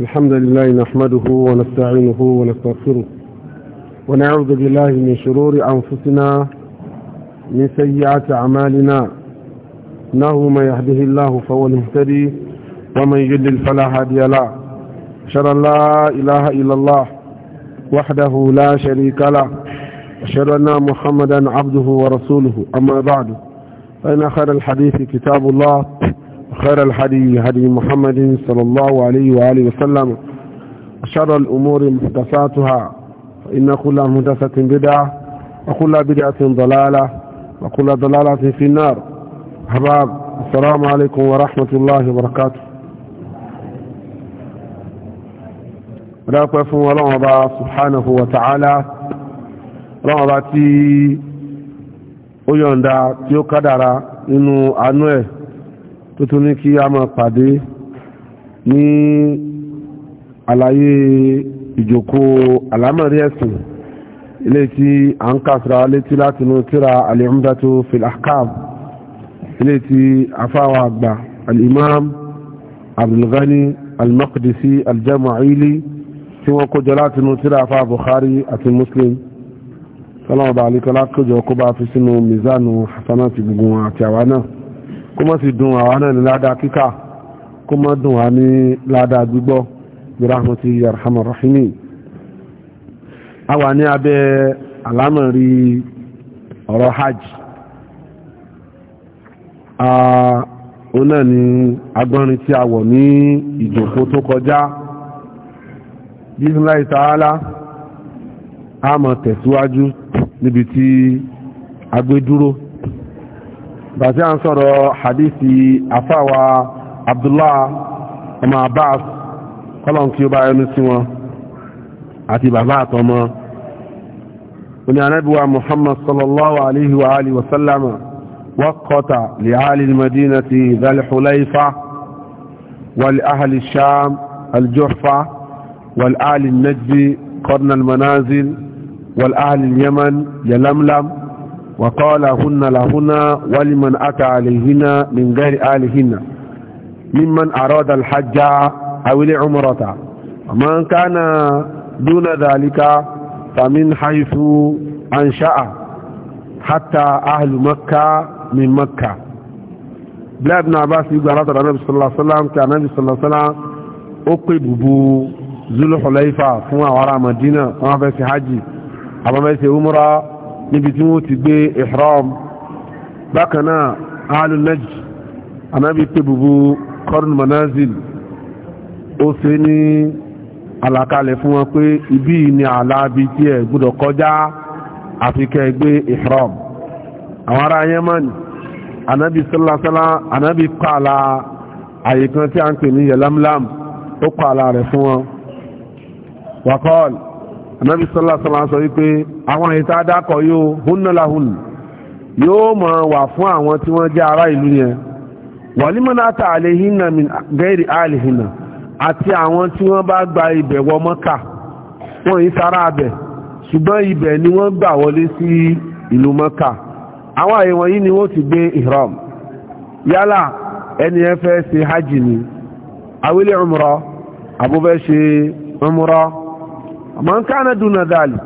الحمد لله نحمده ونستعينه ونستغفره ونعوذ بالله من شرور أنفسنا من سيئات أعمالنا إنه من يهده الله فهو المهتدي ومن يضلل فلا هادي له أشهد أن لا إله إلا الله وحده لا شريك له أشهد أن محمدا عبده ورسوله أما بعد فإن خير الحديث كتاب الله خير الحديث، هدي محمد صلى الله عليه وآله وسلم شر الأمور محدثاتها فإن كل محدثة بدعة وكل بدعة ضلالة وكل ضلالة في النار أحباب السلام عليكم ورحمة الله وبركاته لا تفهم الله سبحانه وتعالى الله tí ó yọ̀nda tí ó tó tún ní kí a máa pàdé ní àlàyé ìjòkó àlámọ̀rí ẹ̀sìn ilé tí a ń kásra létí láti inú tíra al-Umdatu fil Ahkam ilé tí afáwà àgbà al-Imam Abdul Ghani al-Maqdisi al tí wọ́n kójọ láti inú tíra afá Bukhari àti Muslim sọ́lọ́mọ̀bà alíkọlá kójọ kó bá fi sínú mizanu hasanati gbogbo àti àwa náà kó mọ́ sí dùn àwa náà ní ládàá kíkà kó mọ́ dùn wá ní ládàá gbígbọ́ birahmati yarhamar rahimin a wà ní abẹ́ àlámọ̀rí ọ̀rọ̀ hajj òun náà ni agbọ́nrin tí a wọ̀ ní ìjòkó tó kọjá bismillahi ta'ala a mọ̀ tẹ̀síwájú níbi tí a gbé dúró بازي انصرو حديثي عفاوى عبد الله اما عباس قلن كيوبا ينسوا عتي بابات اما وني نبوى محمد صلى الله عليه وآله وسلم وقت لعال المدينة ذا الحليفة والأهل الشام الجحفة والآل النجد قرن المنازل والآل اليمن يلملم وقال هن لهن ولمن أتى عليهن من غير آلهن ممن أراد الحج أو العمرة ومن كان دون ذلك فمن حيث أنشأ حتى أهل مكة من مكة بلا ابن عباس يقول رضا النبي صلى الله عليه وسلم كان النبي صلى الله عليه وسلم أقب بو ذو الحليفة فما وراء مدينة فما فيه حج أما فيه عمره níbi tí wọ́n ti gbé ihram bákan náà alu najd anábì pé bubu kọ́rùn manazil ó ṣe ní àlàkalẹ̀ fún wọn pé ibí ni àlàábi tí ẹ gbọ́dọ̀ kọjá àfi kẹ́ gbé ihram àwọn ará Yemen anábì sọ́lásọ́lá anábì pààlà àyè kan tí a ń pè ní yalamlam ó pààlà rẹ̀ fún wọn wakọ́ọ̀lù anábì sọ́lá sọ́lá sọ wípé àwọn ìta adákọ̀ yóò húnnàláhùn yóò mọ̀ wà fún àwọn tí wọ́n jẹ́ ará ìlú yẹn wàlímọ́nàtà àlehínà gẹ́rì àlehínà àti àwọn tí wọ́n bá gba ibẹ̀ wọ mọ́kà wọ́n yìí sára abẹ̀ ṣùgbọ́n ibẹ̀ ni wọ́n gbà wọlé sí ìlú mọ́kà àwọn àyè wọ̀nyí ni wọ́n ti gbé ihram yálà ẹni ẹ fẹ́ ṣe hajj ni awílẹ̀ umrah àbúfẹ́ ṣe umrah àmọ́ ń kánà dùnà dàlì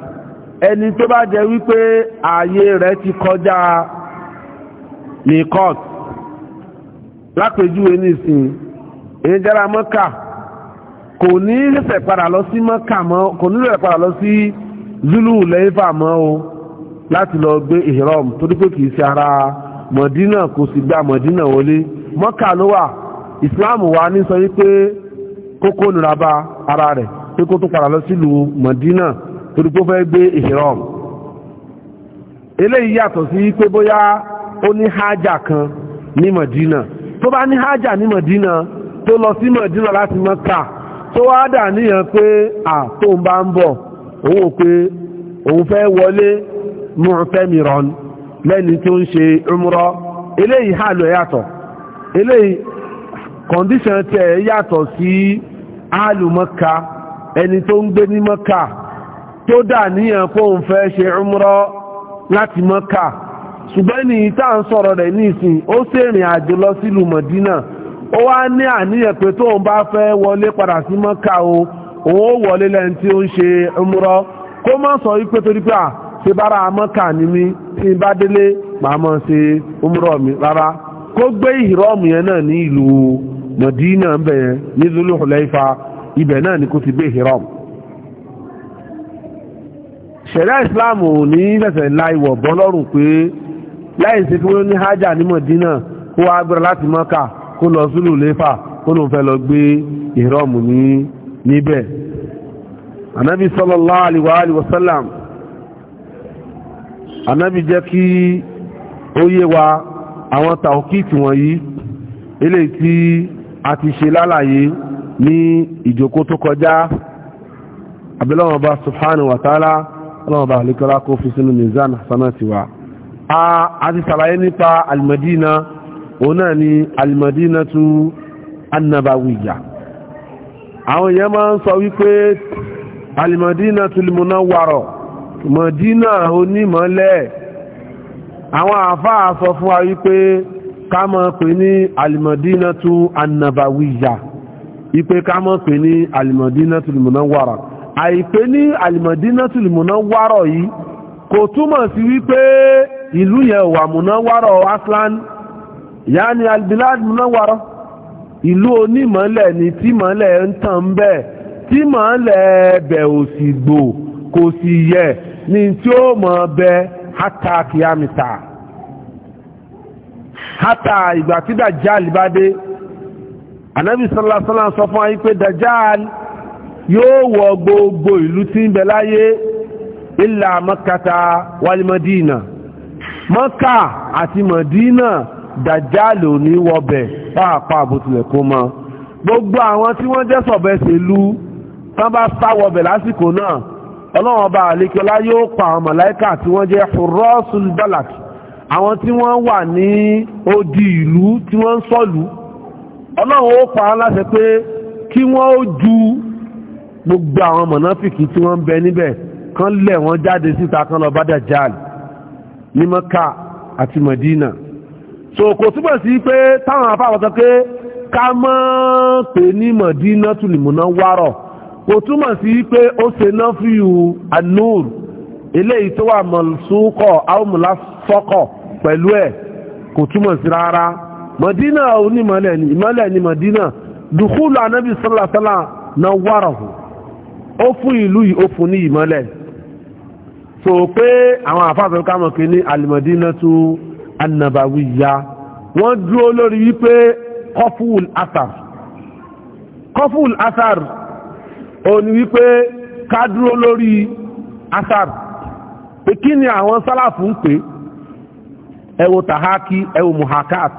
ẹni tó bá jẹ wípé ààyè rẹ̀ ti kọjá ní court lápèjúwe nísìn èyí jára mọ́kà kò ní lẹ́sẹ̀ padà lọ sí mọ́kà mọ́ kò ní lẹ́sẹ̀ padà lọ sí zulu lẹ́yìnfà mọ́ o láti lọ gbé ìhìrọ́m torí pé kìí ṣe ara mọ̀dínà kò sì gba mọ̀dínà wọlé mọ́kà ló wà ìsìláàmù wa ní sọ wípé kókó nìraba ara rẹ̀ pé kó tó padà lọ sílùú Mọ̀dínà torí pé fẹ́ gbé ìhìrọ̀m eléyìí yàtọ̀ sí pé bóyá ó ní hájà kan ní Mọ̀dínà tó bá ní hájà ní Mọ̀dínà tó lọ sí Mọ̀dínà láti Mọ́kà tó wá dà níyàn pé à tó ń bá ń bọ̀ òun ò pé òun fẹ́ wọlé mu'tamiran lẹ́ni tó ń ṣe umrah eléyìí hàlù ẹ̀ yàtọ̀ eléyìí kọ̀ndíṣàn tẹ̀ yàtọ̀ sí àlùmọ́ka ẹni tó ń gbé ní mọ́kà tó dà níyàn fóun fẹ́ ṣe umrọ́ láti mọ́kà ṣùgbọ́n ní ìta ń sọ̀rọ̀ rẹ̀ ní ìsìn ó ṣèrìn àjò lọ sílùú mọ̀dínà ó wá ní àníyàn pé tóun bá fẹ́ wọlé padà sí mọ́kà o òun ó wọlé lẹ́ni tí ó ń ṣe umrọ́ kó má sọ wípé torí pé à ṣe bára mi tí bá délé màá ṣe mi rárá kó gbé yẹn ibẹ̀ náà ni kó ti gbé hiram ṣẹ̀rẹ́ islam ò ní lẹ́sẹ̀ láìwọ̀ bọ́ lọ́rùn pé láì sí pé ó ní hájà ní mọ̀dínà kó wá gbéra láti mọ́kà kó lọ sílù léfà kó ló fẹ́ lọ gbé hiram níbẹ̀ anabi alaihi wa sallam anabi jẹ́ kí ó yé wa àwọn tàókìtì wọ̀nyí eléyìí tí a ti ṣe lálàyé ní ìjókòó tó kọjá abẹ́lọ́wọ̀n bá subhanahu wa ta'ala ọlọ́wọ̀n bá alikọ́lá kó fi sínú mizan hasanati wa a ti sàlàyé nípa almadina òun náà ni almadina tu annabawiya àwọn èèyàn máa ń sọ wípé almadina tu limunawwaro madina onímọ̀lẹ́ àwọn àfáà sọ fún wa wípé ká máa pè ní almadina tu annabawiya ipe ká mọ̀ pé ní Al-Madinatul Munawwara àìpé ní Al-Madinatul Munawwara yìí kò túmọ̀ sí wípé ìlú yẹn wà Munawwara aslan yaani albilad Munawwara ìlú onímọ̀lẹ̀ ni tí mọ̀lẹ̀ ń tàn ń bẹ̀ tí mọ̀lẹ̀ bẹ̀ ò sì gbò kò sì yẹ ní tí ó mọ̀ bẹ hátà kìámìtà hátà ìgbà tí anábì sọ́lásọ́lá sọ fún ayé pé dajjal yóò wọ gbogbo ìlú tí ń bẹ láyé ilà mọ́kàtà wàlímọ́dínà mọ́kà àti mọ̀dínà dajjal ò ní wọbẹ̀ pàápàá bó tilẹ̀ kó mọ́ gbogbo àwọn tí wọ́n jẹ́ sọ̀bẹ̀ ṣèlú tán bá sáwọbẹ̀ lásìkò náà ọlọ́run ọba àlekọlá yóò pa àwọn màláíkà tí wọ́n jẹ́ hurrasul balad àwọn tí wọ́n wà ní odi ìlú tí wọ́n ń sọ̀lú ọlọ́run ó pa á láṣẹ pé kí wọ́n ó ju gbogbo àwọn mọ̀nàfìkì tí wọ́n ń bẹ níbẹ̀ kán lẹ̀ wọ́n jáde síta kán lọ bá Dajjal ní Mọ́kà àti Mọ̀dínà so kò túbọ̀ sí pé táwọn afáwọn sọ pé ká mọ́ pé ní Mọ̀dínà tùlùmùnà wárọ̀ kò túmọ̀ sí pé ó ṣe náà fíyù anúr eléyìí tó wà mọ̀lùsúkọ̀ àwòmùlá fọ́kọ̀ pẹ̀lú ẹ̀ kò túmọ̀ sí rárá madina onímọ̀lẹ̀ ni ìmọ̀lẹ̀ ni madina dùkúlù anábì sọ́làsọ́là na wárọ̀hù ó fún ìlú yìí ó fún ní ìmọ̀lẹ̀ so pé àwọn àfáàfẹ́ kámọ̀ kí ní alimadina tó annabawi ya wọ́n dúró lórí wípé kọfúl asar kọfúl asar ó ní wípé ká dúró lórí asar pé kí ni àwọn sálàfù ń pè tahaki ẹwò muhakat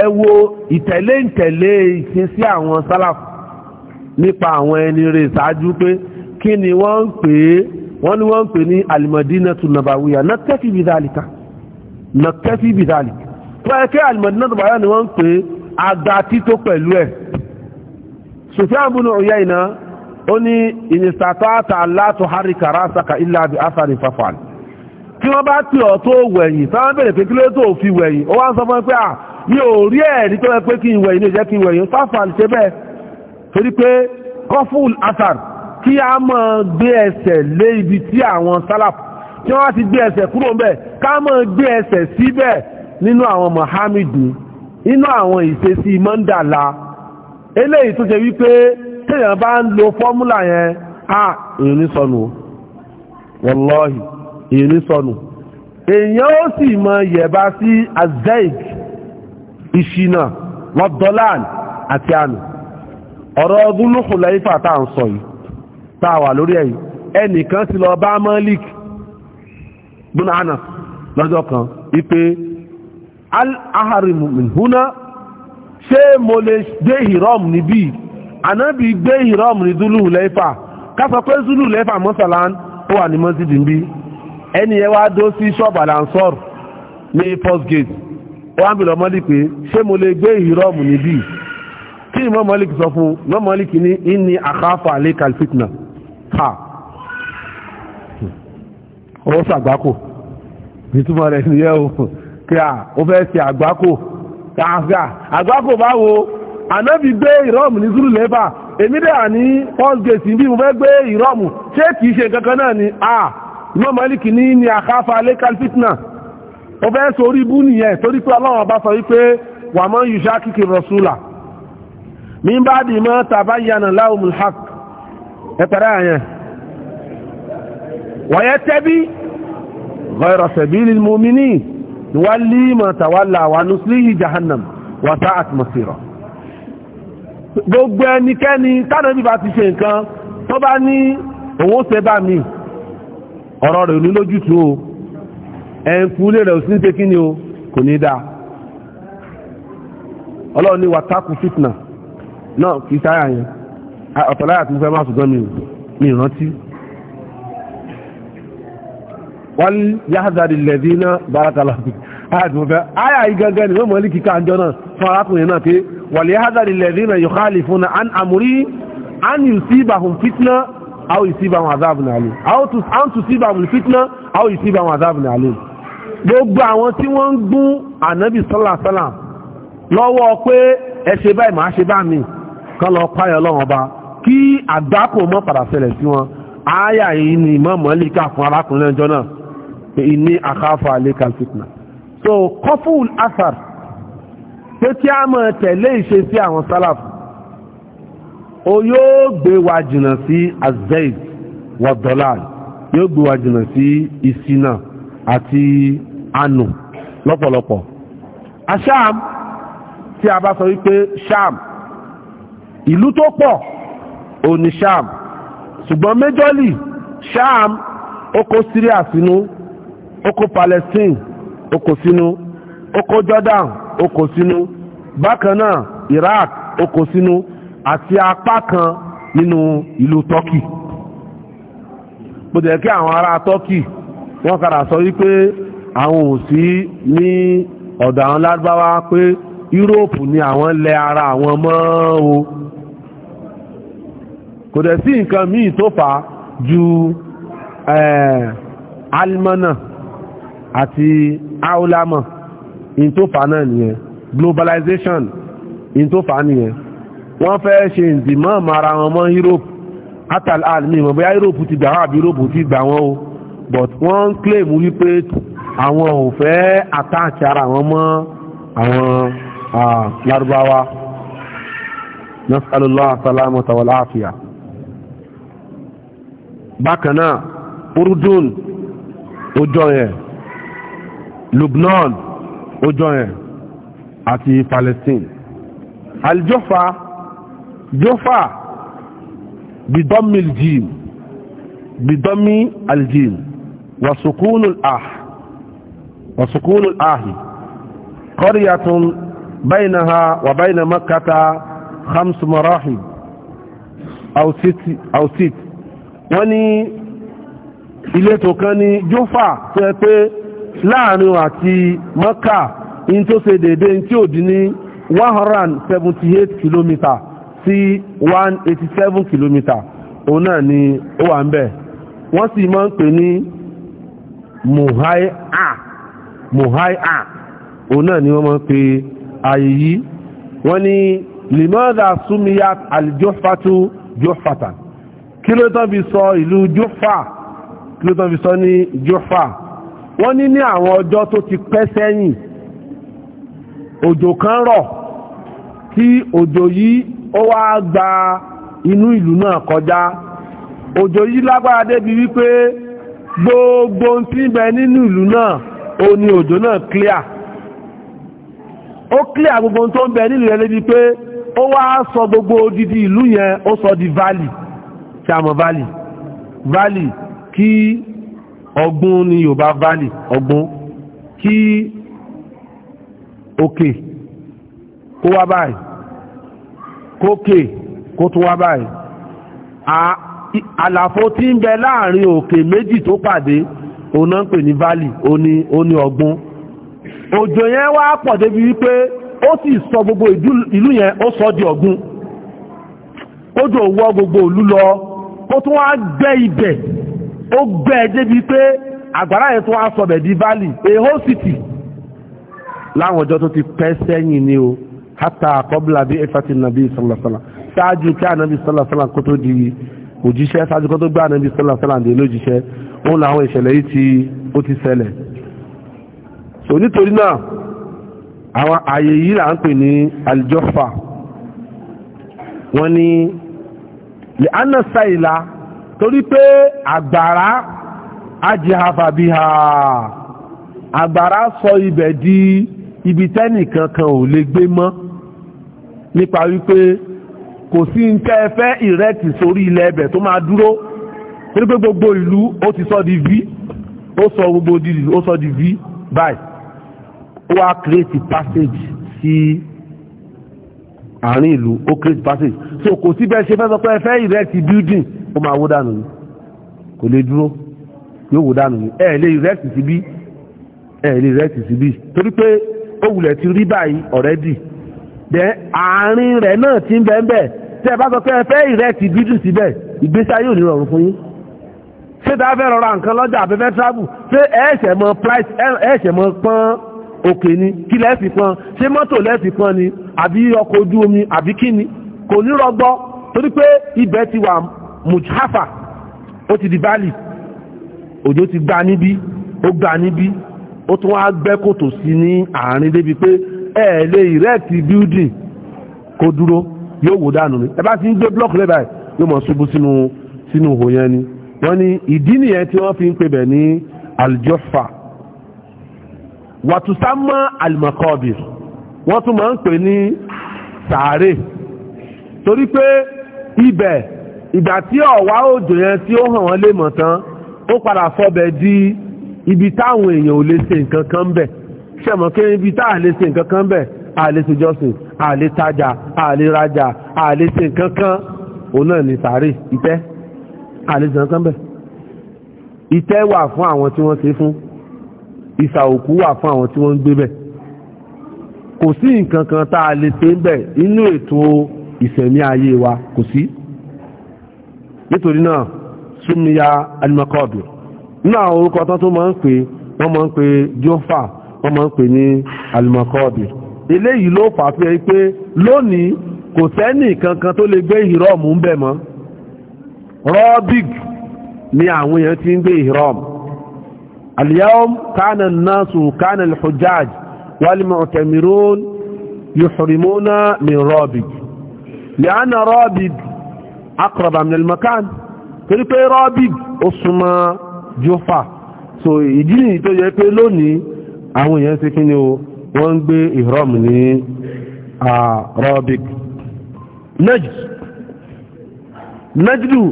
ẹ wo ìtẹ̀lé ìtẹ̀lé ìṣesí àwọn sálàf nípa àwọn ẹni rẹ̀ ṣáájú pé kí ni wọ́n ń pè é wọ́n ní wọ́n ń pè ní alimadinatu nabawiya nàkẹ́fì bìdálìkà nàkẹ́fì bìdálìkà tó ẹ kí alimadinatu nabawiya ni wọ́n ń pè é àgbà tító pẹ̀lú ẹ̀ Sufyan bunu Uyayna ó ní ìnìsàtàtà aláàtò harika rásaka ilá àbí afárin fafal tí wọ́n bá pè ọ́ tó wẹ̀yìn táwọn bẹ̀rẹ̀ pé kí ló tó fi wẹ̀yìn ó wá ń sọ fún ẹ pé à ah, mi ò rí ẹ̀rí tó ẹgbẹ́ kí ìwẹ̀ ilé jẹ́ kí ìwẹ̀ yóò sáfà ṣe bẹ́ẹ̀ torí pé kọfúl asar kí a mọ́ gbé ẹsẹ̀ lé ibi tí àwọn sálàf tí wọ́n ti gbé ẹsẹ̀ kúrò ń bẹ̀ ká mọ́ gbé ẹsẹ̀ síbẹ̀ nínú àwọn mohammed nínú àwọn ìṣesí mọ́ndàlá eléyìí tó jẹ́ wípé téèyàn bá ń lo fọ́múlà yẹn a èyàn ní sọnù wọlọ́ọ̀hì èyàn ní sọnù èyàn ó sì mọ yẹ̀bá sí azeik ìṣìnà wọ́dọ́láàn àti ànù ọ̀rọ̀ ọdún lókùnlẹ̀ ifá tàà ń sọ yìí tàà wà lórí ẹ̀yìn ẹnìkan ti lọ bá Malik bin lọ́jọ́ kan ipé al-aharimu min huna ṣé mo lè gbé hiram níbí anábì gbé hiram ní dúlù lẹ́fà kásọ pé dúlù lẹ́fà mọ́sàlá ó wà ní mọ́sídìí bí ẹni ẹ dó sí ṣọ́ọ̀bù àlànsọ́ọ̀rù ní first gate wọ́n bí lọ mọ́lík pé ṣé mo lè gbé ìrọ́mù níbí tí ìmọ̀ mọ́lík sọ fún mọ́ mọ́lík ní inni àkáfà alékal fitna ha ọwọ́ sàgbákò ìtumọ̀ rẹ̀ ní yẹ́ o kí a ó fẹ́ ṣe àgbákò àgbákò báwo ànábì gbé ìrọ́mù ní zulu lẹ́bà èmi dẹ̀ à ní pọ́sgẹ̀sì bí mo fẹ́ gbé ìrọ́mù ṣé kìí ṣe kankan náà ni a ìmọ̀ mọ́lík ní inni àkáfà alékal fitna ó fẹ́ sórí ibú nìyẹn torí pé ọlọ́run bá sọ wípé wà mọ́ yùṣá kìkì rọ̀ṣúlà mi bá dì mọ́ tàbáyànà láwùmùl haq ẹ̀tẹ̀rẹ́ àyẹn wọ̀nyẹ tẹ́bí غير سبيل المؤمنين نولي ما تولى ونسليه جهنم وساءت مصيره gbogbo ẹnikẹ́ni tánàbí bá ti ṣe nǹkan tó bá ní òun ṣe bá mi ọ̀rọ̀ rẹ̀ ní lójútùú ẹ̀ǹkú lè rẹ̀ òsì kí ni o kò ní dáa ọlọ́run ní wàtákù fitna náà kì í sáyà yẹn ọ̀tọ̀láyà tí mo fẹ́ máa sùgbọ́n mi ìrántí wọ́n yáhádàrí lẹ̀dí náà bárakàlá àyà igangan ni wọ́n mọ̀ ní kíkà àjọ náà fún arákùnrin náà pé wọ́n yáhádàrí lẹ̀dí náà yukhalifuna an amri an yusibahum fitna aw yusibahum azabun alim aw tusibahum fitna aw yusibahum azabun alim gbogbo àwọn tí wọ́n ń gún ànábì sọ́làsọ́là lọ́wọ́ pé ẹ ṣe báyìí màá ṣe bá mi kán lọ páyọ̀ ọlọ́run ọba kí àgbákò mọ́ padà ṣẹlẹ̀ sí wọn àáyà yìí ni Imam Malik fún arákùnrin ọjọ́ náà ìní àkáfà àlékà fitna so kọfúl asar pé kí a mọ̀ tẹ̀lé ìṣe sí àwọn salaf o yóò gbé wa jìnnà sí azeid wàdọ́là yóò gbé wa jìnnà sí ìsinà àti anù lọ́pọ̀lọpọ̀ asham tí a bá sọ wípé sham ìlú tó pọ̀ ò ní sham ṣùgbọ́n méjọ́lì sham ó kó syria sínú ó kó palestine ó kó sínú ó kó jordan ó sínú bákan náà iraq ó kó sínú àti apá kan nínú ìlú turkey bó jẹ́ kí àwọn ará turkey wọ́n kàrà sọ wípé àwọn ò sí ní ọ̀dọ̀ àwọn lárúbáwá pé yúróòpù ni àwọn lẹ ara àwọn mọ́ o kò dẹ̀ sí nǹkan míì tó fà á ju eh, almana àti aulama in tó fà náà nìyẹn globalization in tó fà nìyẹn wọ́n fẹ́ ṣe ìdìmọ́ ara wọn mọ́ yúróòpù atal almi mọ̀ bóyá yúróòpù ti gbà wọn àbí yúróòpù ti gbà wọn o but wọ́n ń claim wípé àwọn ò fẹ́ àtàkì ara wọn mọ́ àwọn lárúbáwá nasalullah salamu tawala afiya bákanáà urdun ojọ́ yẹn lubnan ojọ́ yẹn àti palestine aljofa jofa bidomi aljim bidomi aljim وسكون الآه وسكون الآه قرية بينها وبين مكة خمس مراحب أو ست أو ست wọ́n ní ìletò kan ní Júfà tó yẹ pé láàrin àti Mọ́kà in tó ṣe dédé tí ò dí ní 178 km sí 187 km òun náà ni ó wà ń bẹ̀ wọ́n sì máa ń pè ní muhai'a òun náà ni wọ́n mọ́ pé ààyè yìí wọ́n ní limada sumiya aljofatu jofata kí ló tán fi sọ ìlú jofa kí ló tán fi sọ ní jofa wọ́n ní ní àwọn ọjọ́ tó ti pẹ́ sẹ́yìn òjò kan rọ̀ tí òjò yìí ó wá gba inú ìlú náà kọjá òjò yìí lágbára débi wípé gbogbo tí ń bẹ nínú ìlú náà ó ní òjò náà clear ó clear gbogbo tó ń bẹ nílùú yẹn lébi pé ó wá sọ gbogbo odidi ìlú yẹn ó sọ di valley ṣàmọ̀ valley valley kí ọgbọ́n ní Yorùbá valley ọgbọ́n kí òkè kó wá báyìí kókè kó tún wá báyìí àlàfo tí ń bẹ láàrin òkè méjì tó pàdé òun náà ń pè ní valley òní òní ọ̀gbun òjò yẹn wá pọ̀ débi wípé ó sì sọ gbogbo ìlú yẹn ó sọ di ọ̀gbun kójò wọ gbogbo ìlú lọ ó tún wá gbẹ́ ibẹ̀ ó gbẹ́ débi pé àgbàrá yẹn tún wá sọbẹ̀ di valley a whole city láwọn ọjọ́ tó ti pẹ́ sẹ́yìn ni o hátà àkọ́bùlà bí ẹ̀fà ti nàbí sọ̀lọ̀sọ̀lọ̀ ṣáájú kí ànábì sọ̀lọ̀sọ̀lọ̀ kó tó di òjíṣẹ́ sájúkọ́ tó gbá ànábì sọ́lá sọ́lá ǹdẹ̀ lójíṣẹ́ òun làwọn ìṣẹ̀lẹ̀ yìí tí ó ti ṣẹlẹ̀ so nítorí náà àwọn ààyè yìí là ń pè ní aljọ́fà wọ́n ní lè anna sáìlà torí pé àgbàrá ajihafa bí ha àgbàrá sọ ibẹ̀ di ibi tẹ́nìkan kan ò lè gbé mọ́ nípa wípé kò sí nǹkan ẹfẹ́ ìrẹ́tì sórí ilẹ̀ ẹbẹ̀ tó máa dúró torí pé gbogbo ìlú ó ti sọ di v ó sọ gbogbo ìlú ó sọ di v báyìí ó wá create passage sí àárín ìlú ó create passage so kò sí bẹ́ẹ̀ ṣe fẹ́ sọ pé ẹfẹ́ ìrẹ́tì building ó máa wó dànù ni kò lè dúró yóò wó dànù ni ẹ̀ lè ìrẹ́tì sí bí ẹ̀ lè ìrẹ́tì sí bí torí pé ó wulẹ̀ ti rí báyìí already then àárín rẹ̀ náà ti ń bẹ́ẹ̀ bẹ́ẹ̀ tẹ́ bá sọ pé ẹ fẹ́ ìrẹ́tì bídùn síbẹ̀ ìgbésí ayé ò ní rọrùn fún yín ṣé tá a fẹ́ rọra nǹkan lọ́jà àbẹ́fẹ́ travel ṣé ẹ̀ẹ́sẹ̀ mọ price ẹ̀ẹ́sẹ̀ mọ pọ́n òkè ni kí lẹ́ẹ̀fì pọ́n ṣé mọ́tò lẹ́ẹ̀fì pọ́n ni àbí ọkọ̀ ojú omi àbí kí ni kò ní rọgbọ torí pé ibẹ̀ ti wà mujhafa ó ti di Bali, òjò ti gba níbí ó gba níbí ó tún wá gbẹ́ kòtò sí ní àárín débi pé ẹ̀ẹ́lẹ́ ìrẹ́ẹ̀tì building kò dúró yóò wò dànù ni ẹ bá ti ń gbé blọọkì lẹ́bàá yìí yóò mọ̀ ṣubú sínú sínú ihò yẹn ni wọ́n ní ìdí nìyẹn tí wọ́n fi ń pè bẹ̀ ní aljọ́fà wàtúsámọ́ alimakọ́bì wọ́n tún máa ń pè ní sàárè torí pé ibẹ̀ ìgbà tí ọ̀wá òjò yẹn tí ó hàn wọ́n lè mọ̀ tán ó padà fọbẹ̀ di ibi táwọn èèyàn ò lè ṣe nǹkan kan bẹ̀ ṣẹ̀mọ̀ kí ibi táà lè ṣe nǹkan kan bẹ̀ àlè sojọ́sìn àlè tajà àlè rajà àlè ṣe nǹkan kan òun náà ní sàárè ìtẹ́ àlè ṣe nǹkan bẹ̀ ìtẹ́ wà fún àwọn tí wọ́n ṣe fún ìsà òkú wà fún àwọn tí wọ́n ń gbé bẹ̀ kò sí nǹkan kan tá a lè ṣe ń bẹ̀ inú ètò ìsẹ̀mí ayé wa kò sí nítorí náà súnmíya alimakọ́ọ̀bì nínú àwọn orúkọ tó máa ń pè wọ́n máa ń pè jọ́fà wọ́n máa ń pè ní alimakọ́ọ̀bì eléyìí ló fà á fi ẹ pé lónìí kò sẹ́nì kankan tó lè gbé ìrọ́ọ̀mù ń bẹ̀ mọ́ rọ́bìg ni àwọn èèyàn ti ń gbé ìrọ́ọ̀mù al-yawm kana an-nasu kana al-hujjaj wal-mu'tamirun yuhrimuna min rọ́bìg li'anna rọ́bìg aqrab min torí pé rọ́bìg ó súnmọ́ Jọ́fà so ìdí nìyí tó yẹ pé lónìí àwọn èèyàn ti kí ni o wọ́n ń gbé ihram ní arabic najd najdu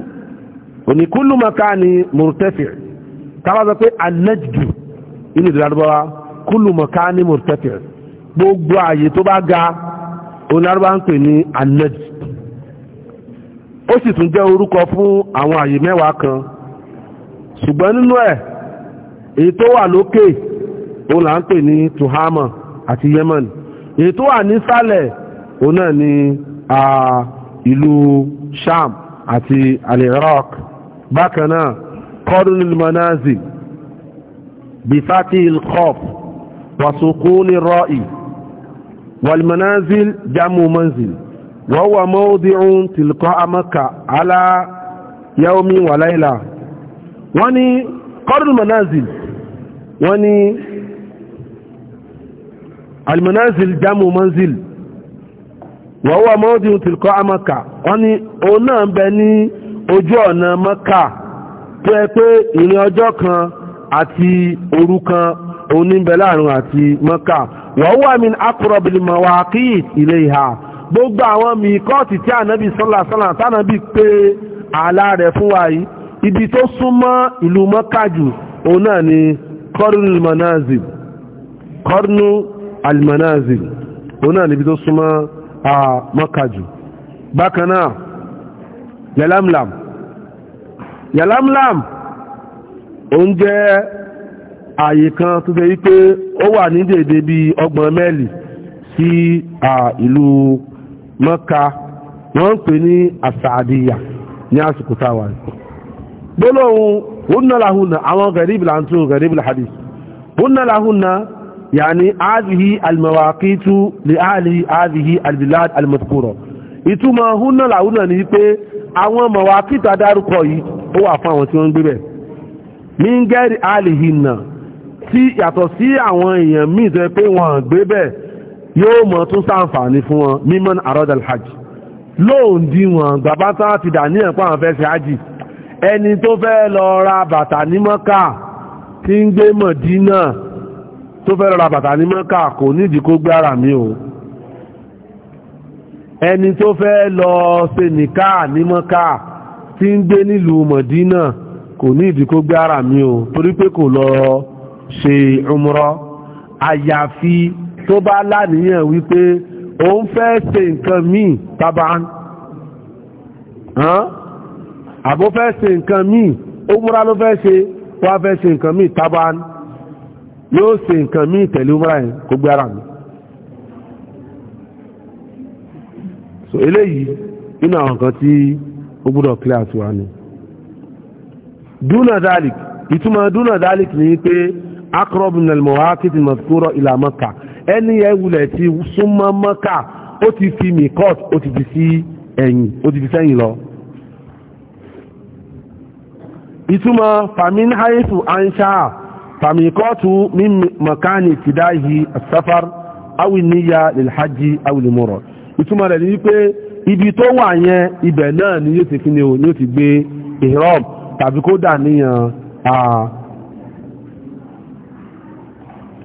òní kúlù makani murtafi tàbá sọ pé anajdu inú ìdílábọ́wá kúlù makani murtafi gbogbo ààyè tó bá ga onárúbá ń pè ní anajdu ó sì tún jẹ́ orúkọ fún àwọn ààyè mẹ́wàá kan ṣùgbọ́n nínú ẹ̀ èyí tó wà lókè òun là ń pè ní tuhama àti Yemen èyí tó wà nísàlẹ̀ òun náà ni ìlú Sham àti al-Iraq bákan náà qadnul manazil bifatil qaf wa sukunir ra'i wal manazil jamu manzil wa huwa mawdi'un tilqa'a ala yawmin wa layla wọ́n ní qadnul almanazil jamu manzil wọ́n wà mọ́dún tìlkọ́ amaka wọ́n ni òun náà bẹ ní ojú ọ̀nà maka tó ẹ pé ìrìn ọjọ́ kan àti òru kan òun ní bẹ láàrin àti maka wọ́n wà min akọrọ̀bìlì mawaki ilé ìhà gbogbo àwọn mìíkọ́ọ̀tì tí ànábì sọ́là sọ́là tánàbì pé àlá rẹ̀ fún wa yìí ibi tó súnmọ́ ìlú maka jù òun náà ni kọ́rùnù manazil kọ́rùnù almanazil òun náà níbi tó súnmọ́ a makaju, bákan yalamlam yalamlam òun aye ààyè kan tó fẹ́ wípé ó wà ní dèdè bí ọgbọ̀n mẹ́lì sí ìlú mọ́ka wọ́n ń pè ní àsàdìyà ní àsìkò táwà gbólóhùn húnnà láhùnnà àwọn gẹ̀rìbìlà ń tún gẹ̀rìbìlà hadith húnnà láhùnnà yàní áàzìhí alìmọ̀wàkítú lè áàlì áàzìhí albìláàdì alìmọ̀tíkúrọ̀ ìtumọ̀ húnnà làúnà ní pé àwọn mọ̀wàkítà adárúkọ yìí ó wà fún àwọn tí wọ́n ń gbé bẹ̀ ní gẹ́rì áàlìhì nà tí yàtọ̀ sí àwọn èèyàn míì tó pé wọ́n gbé bẹ̀ yóò mọ̀ tún sáǹfààní fún wọn mímọ́n àrọ́dàl hajj lóòn dí wọn bàbá tán ti dà ní ẹ̀pọ̀ àwọn tó fẹ́ ra bàtà ní mọ́kà kò nídìí kó gbára mi o ẹni tó fẹ́ lọ ṣe nìká ní mọ́kà tí ń gbé nílùú mọ̀dínà kò nídìí kó gbára mi o torí pé kò lọ ṣe umrọ́ àyàfi tó bá láníyàn wípé òun fẹ́ ṣe nǹkan míì tábà àbó fẹ́ ṣe nǹkan míì ó múra ló fẹ́ ṣe wá fẹ́ ṣe nǹkan míì tábà ní yóò ṣe nǹkan mí ìtẹ̀lé umra yẹn kó gbé ara mi so eléyìí nínú àwọn nǹkan tí ó gbúdọ̀ clear sí wa ni dúnà dalik ìtumọ̀ dúnà dalik ni pé akrob nàlmọ̀wá kìtì mọ̀kúrò ìlà mọ́kà ẹni yẹn wulẹ̀ ti súnmọ́ mọ́kà ó ti fi mikọ́t ó ti fi sí ẹ̀yìn ó ti fi sẹ́yìn lọ ìtumọ̀ famin haifu anshaa فميقاته من مكان ابتدائه السفر أو النية للحج أو العمرة ìtumọ̀ rẹ̀ ni pé ibi tó wà yẹn ibẹ̀ náà ni yóò ti fi ni yóò ti gbé ihram tàbí kó dà níyàn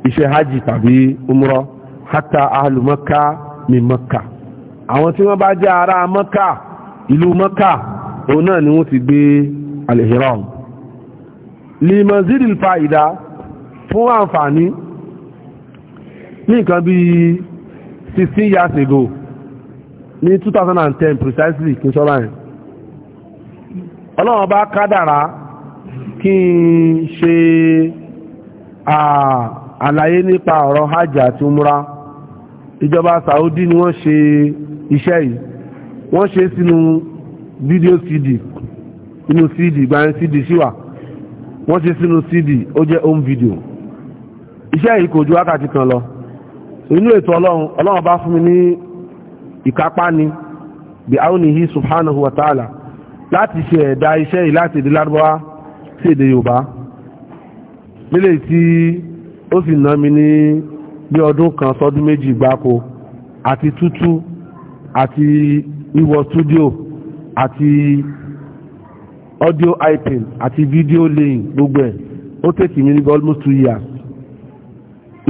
iṣẹ́ hajj tàbí umrọ hata ahlu Makkah ní Makkah àwọn tí wọ́n bá jẹ́ ará Makkah ìlú Makkah òun náà ni wọ́n ti gbé al-ihram li mazidil fa'ida fún àǹfààní ní nǹkan bí 16 years ago ní 2010 precisely kí n sọ́rọ̀ ẹ̀ ọlọ́run bá kádàrá kí n ṣe àlàyé nípa ọ̀rọ̀ hajj àti umra ìjọba Saudi ni wọ́n ṣe iṣẹ́ yìí wọ́n ṣe sínú fídíò cd inú cd gbáyẹn cd síwà wọ́n ṣe sínú cd ó jẹ́ home video iṣẹ́ yìí kò ju wákàtí kan lọ inú ètò ọlọ́run ọlọ́run bá fún mi ní ìkápá ni bí aunihi subhanahu wa ta'ala láti ṣe ẹ̀dá iṣẹ́ yìí láti èdè lárúbáwá sí èdè yorùbá nílé tí ó sì ná mi ní bí ọdún kan sọdún méjì gbáko àti tútú àti ìwọ stúdíò àti audio ipin àti fídíò lẹ́yìn gbogbo ẹ̀ ó tètè mi ní almost two years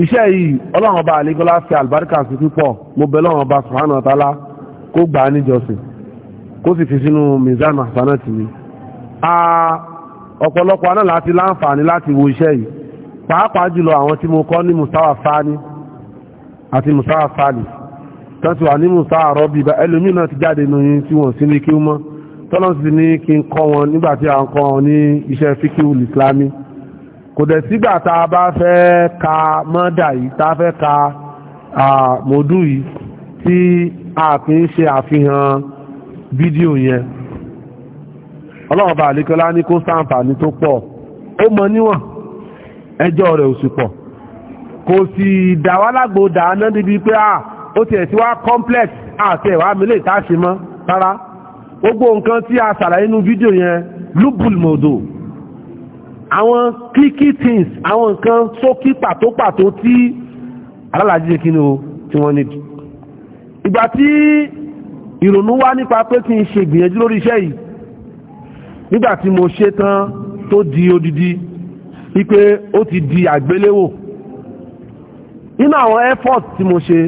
iṣẹ́ yìí ọlọ́run ọba àlégọ́lá fi àlùbáríkà sí púpọ̀ mo bẹ̀ lọ́run ọba subhanahu wa ta'ala kó gbà á níjọsìn kó sì fi sínú mizan hasanati mi ọ̀pọ̀lọpọ̀ náà láti láǹfààní láti wo iṣẹ́ yìí pàápàá jùlọ àwọn tí mo kọ́ ní mustawa fani àti mustawa fali tán ti wà ní mustawa rọ́bì ẹlòmíì náà ti jáde nù yín tí wọ́n sí ní kí wọ́n mọ́ tọ́lọ́sì ní kí n kọ́ wọn nígbà tí à ń kọ́ wọn ní iṣẹ́ fíkíwù ìsìlámì kò dẹ̀ sígbà tá a bá fẹ́ ka mọ́dà yìí tá a fẹ́ ka mòdú yìí tí a kì í ṣe àfihàn fídíò yẹn ọlọ́ọ̀bà àlékọ́lá ní kó sáǹfààní tó pọ̀ ó mọ níwọ̀n ẹjọ́ rẹ̀ ò sì pọ̀ kò sì dàwálágbò dáná níbi pé à ó tiẹ̀ sí wá complex àti ẹ̀wà mílẹ̀ tá a ṣe mọ́ rárá gbogbo nǹkan tí a ṣàlàyé nínú fídíò yẹn lúbùlmọ̀dò àwọn clicky things àwọn nǹkan sókí pàtó pàtó tí alálàájíjẹ́ kí ni o tí wọ́n nídìí ìgbà tí ìrònú wá nípa pé kí n ṣe ìgbìyànjú lórí iṣẹ́ yìí nígbà tí mo ṣe tán tó di odidi wípé ó ti di àgbéléwò nínú àwọn effort tí mo ṣe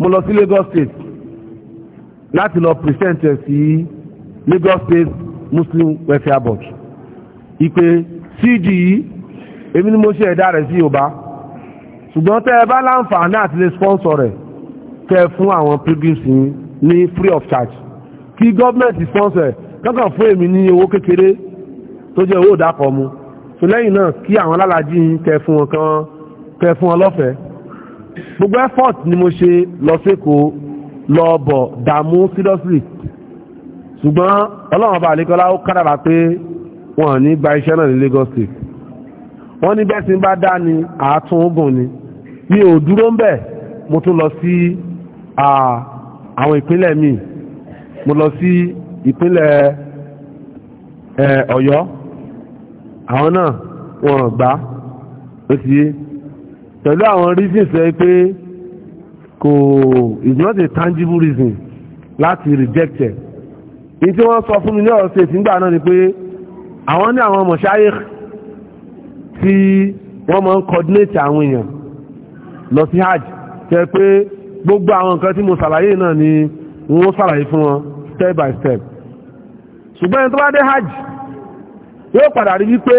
mo lọ sí Lagos State láti lọ present ẹ̀ sí Lagos State Muslim Welfare Board wípé cd èmi ni mo ṣe ẹ̀dá rẹ̀ sí yorùbá ṣùgbọ́n tẹ́ ẹ bá láǹfààní àti lè sponsor rẹ̀ tẹ́ ẹ fún àwọn pilgrims ní free of charge kí gọ́ọ̀mẹ̀ntì sponsor ẹ̀ kankan fún èmi ní owó kékeré tó jẹ́ owó ìdákọ̀ mu so lẹ́yìn náà kí àwọn alálàájì kẹ́ fún wọn kan kẹ́ fún wọn lọ́fẹ̀ẹ́ gbogbo effort ni mo ṣe lọ sékòó lọ bọ̀ dààmú seriously ṣùgbọ́n ọlọ́run ọba àlékọ́lá ó kádàrà pé wọn ní gba iṣẹ́ náà ní Lagos State wọ́n ní bẹ́ẹ̀ tí ń bá dá ní àátún ogun ni mi ò dúró ń bẹ̀ mo tún lọ sí àwọn ìpínlẹ̀ míì mo lọ sí ìpínlẹ̀ Ọ̀yọ́ àwọn náà wọ́n gbà ó ti yé pẹ̀lú àwọn reason sọ pé kò is not a tangible reason láti reject ẹ̀ ní tí wọ́n sọ fún mi ní ọ̀sẹ̀ ìsìngbà náà ni pé àwọn ní àwọn mọ̀ṣáyé tí wọ́n máa ń coordinate àwọn èèyàn lọ sí hajj tẹ́ pé gbogbo àwọn nǹkan tí mo ṣàlàyé náà ni wọ́n ṣàlàyé fún wọn step by step ṣùgbọ́n ẹni tó bá dé hajj yóò padà rí wípé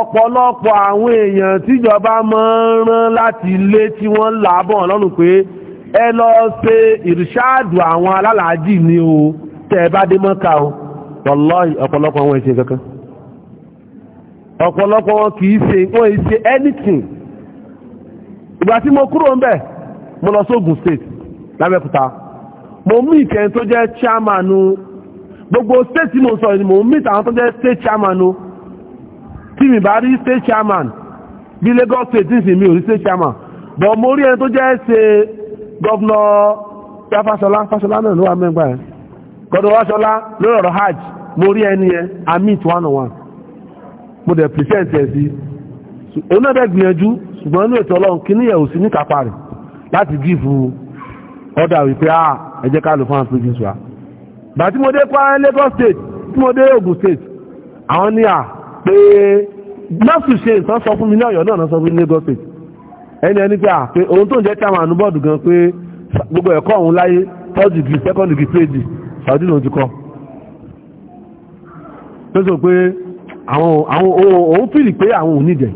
ọ̀pọ̀lọpọ̀ àwọn èèyàn tíjọba máa ń rán láti ilé tí wọ́n ń làábọ̀ lọ́rùn pé ẹ lọ ṣe ìrìṣáàdù àwọn alálàájì ni o tẹ́ bá dé mọ́ka o. wàláì ọ̀pọ̀lọpọ̀ wọn ìṣe kankan ọ̀pọ̀lọpọ̀ wọn kìí ṣe wọn ìṣe anything ìgbà tí mo kúrò ń bẹ̀ mo lọ sógun state lábẹ́kúta mo mú ìkẹyìn tó jẹ́ chairman gbogbo state tí mo sọ ni mo mú ìtàwọn tó jẹ́ state chairman tí mi bá rí state chairman bí Lagos state ní ìsìn ò rí state chairman bọ̀ mo rí ẹni tó jẹ́ ṣe gọ́vnọ̀ Fáṣọlá Fáṣọlá náà ló wà mẹ́gbà ẹ̀ gọ́dọ̀ lórí ọ̀rọ̀ hajj mo rí ẹni yẹn i meet one on one mo dẹ̀ present ẹ̀ sí òun náà dẹ̀ gbìyànjú ṣùgbọ́n inú ètò ọlọ́run kí níyẹ̀ ò sí ní kápá rẹ̀ láti gífù ọ̀dà wípé a ah, ẹ jẹ́ ká lò fún àpèjì ṣùgbọ́n bá tí mo dé kwara Lagos state tí mo dé Ògùn state àwọn ní à ah, pé nọ́ọ̀sì ṣe nǹkan sọ fún mi ní Ọ̀yọ́ náà sọ fún mi Lagos state ẹni ẹni pé à ah, pé ohun tó ń jẹ́ chairman ànúbọ̀dù gan pé gbogbo ẹ̀kọ́ òun láyé third degree second degree PhD Saudi lòun tó sọ pé àwọn òun fìlì pé àwọn ò nídẹ̀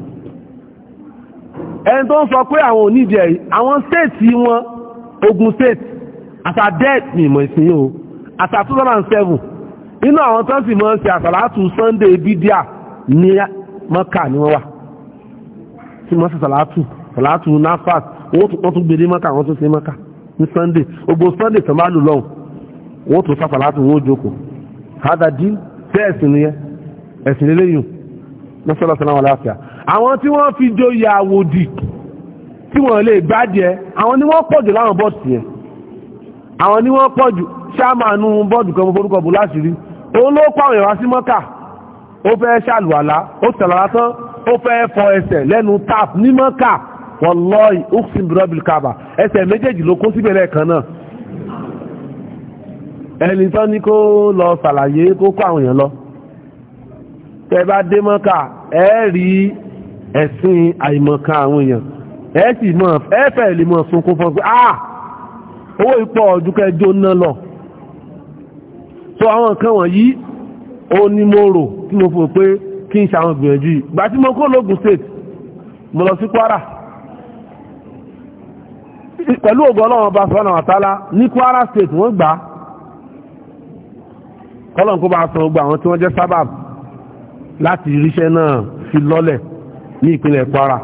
ẹni tó ń sọ pé àwọn ò nídẹ̀ àwọn stéètì wọn Ogun State àtà dead ní ìmọ̀ ìsìn yìí o àtà 2007 nínú àwọn tó sì mọ́ ṣe àsàlátù Sunday bídíà ní Mọ́kà ni wọ́n wà tí wọ́n ṣe àsàlátù àsàlátù nafas wọ́n tún gbèrè Mọ́kà wọ́n tún ṣe Mọ́kà ní Sunday gbogbo Sunday tó bá lù lọ́hùn wọ́n tún ṣe àsàlátù wọ́n jókòó hádàdí tẹ́ ẹ̀sìn nìyẹn ẹ̀sìn lélẹ́yìn lọ́sọ̀lọ́ sọ́láwọn aláàfíà àwọn tí wọ́n fi joyè àwòdì tí wọ́n lè gbájẹ́ àwọn ni wọ́n pọ̀jù láwọn bọ́ọ̀sì yẹn àwọn ni wọ́n pọ̀jù ṣáàmánú bọ́ọ̀dù kan forúkọ bù láṣìírí òun ló pa òyìnbá sí mọ́kà ó fẹ́ ṣàlùwàlá ó tẹ̀lára tán ó fẹ́ fọ ẹsẹ̀ lẹ́nu tap ní mọ́kà wọ́n lọ́ọ̀ì ó sì bìrọ̀bì kàbà ẹsẹ̀ méjèèjì ló kó síbẹ̀ lẹ́ẹ̀kan náà ẹni tó ní kó lọ ṣàlàyé kó kó àwọn èèyàn lọ tẹ́ bá dé mọ́kà ẹ rí ẹ̀sìn àìmọ̀kan àwọn èèyàn ẹ sì mọ̀ ẹ fẹ́ lè mọ̀ sunkún fún pé ah owó ipò ọ̀dúkẹ́ jóná lọ so àwọn nǹkan wọ̀nyí ó ní mo rò tí mo fò pé kí n ṣàwọn gbìyànjú yìí gbà tí mo kó lógun state mo lọ sí Kwara pẹ̀lú ògo Ọlọ́run bá sọ́nà àtàlá ní Kwara state wọ́n gbà á kọ́lọ̀n kó bá san gbogbo àwọn tí wọ́n jẹ́ sábà láti ríṣẹ́ náà fi lọ́lẹ̀ ní ìpínlẹ̀ Kwara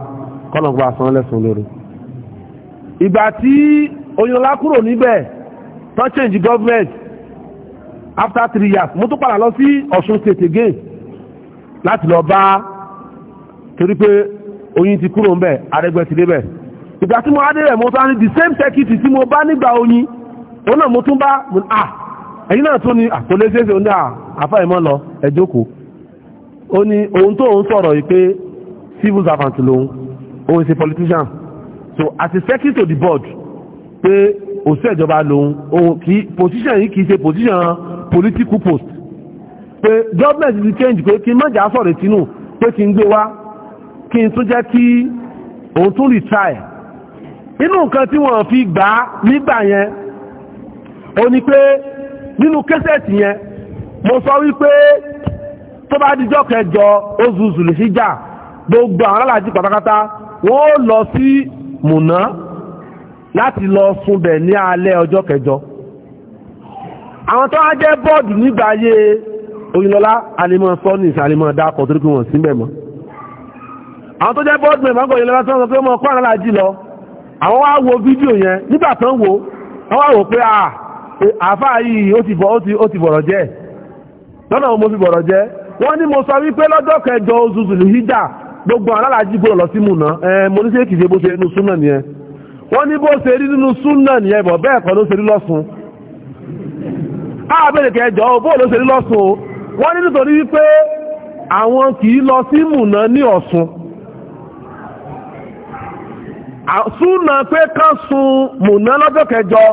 kọ́lọ̀n kó bá san lẹ́sùn lórí ìgbà tí oyinla kúrò níbẹ̀ tó change government after three years mo tún padà lọ sí Ọ̀ṣun state again láti lọ bá torí pé oyin ti kúrò ńbẹ̀ Arẹ́gbẹ́ ti débẹ̀ ìgbà tí mo á débẹ̀ mo tún á ní the same security tí mo bá nígbà oyin òun náà mo tún bá ah ẹ̀yìn náà tó ní àkóléṣẹ́ṣe ó ní àfá ìmọ́ lọ ẹjókòó ó ní ohun tó ń sọ̀rọ̀ yìí pé civil servant lòun òun ṣe politician so as a secretary to the board pé òṣìṣẹ́ ìjọba lòun òun kì í position yìí kì í ṣe position political post pé government ti change pé kí n má jà sọ̀rọ̀ ìtinú pé kí n gbé wá kí n tún jẹ́ kí òun tún retry inú nǹkan tí wọ́n fi gbà nígbà yẹn ó ní pé nínú kẹsẹ̀tì yẹn mo sọ wípé tó bá dijọ́ kẹjọ oṣù zùlùsíjà gbogbo àwọn aláàjì pátápátá wọ́n lọ sí mùná láti lọ sunbẹ̀ ní alẹ́ ọjọ́ kẹjọ àwọn tó wá jẹ́ bọ́ọ̀dù nígbà ayé oyinlọ́lá alimọ̀ sọ́ọ̀nì ìsàlimọ̀ dákọ̀ torí pé wọ́n sí bẹ̀ mọ́ àwọn tó jẹ́ bọ́ọ̀dù mẹ́fà gbọ́ ìlọ́lá sọ́ọ̀nì pé wọ́n kọ́ àrẹ́lá jì lọ àwọn wá wo fídíò yẹn nígbà tán wo wọ́n wá wò pé ah Eh, àáfàá yìí ó ti bọ̀rọ̀ jẹ́ lọ́nà mo fi bọ̀rọ̀ jẹ́ wọ́n ní mo sọ wípé lọ́jọ́ kẹjọ oṣù zùlùhídà gbogbo alálàájì gbọ́dọ̀ lọ sí mùnà ẹ mo ní sí èkìtì bó ṣe nínú súnà nìyẹn wọ́n ní bó ṣe rí nínú súnà nìyẹn bọ̀ bẹ́ẹ̀ kọ́ ló ṣe rí lọ́sùn ábẹ̀rẹ̀ kẹjọ bó ló ṣe rí lọ́sùn o wọ́n ní nítorí wípé àwọn kì í lọ sí ní ọ̀sùn súnà pé kán sun lọ́jọ́ kẹjọ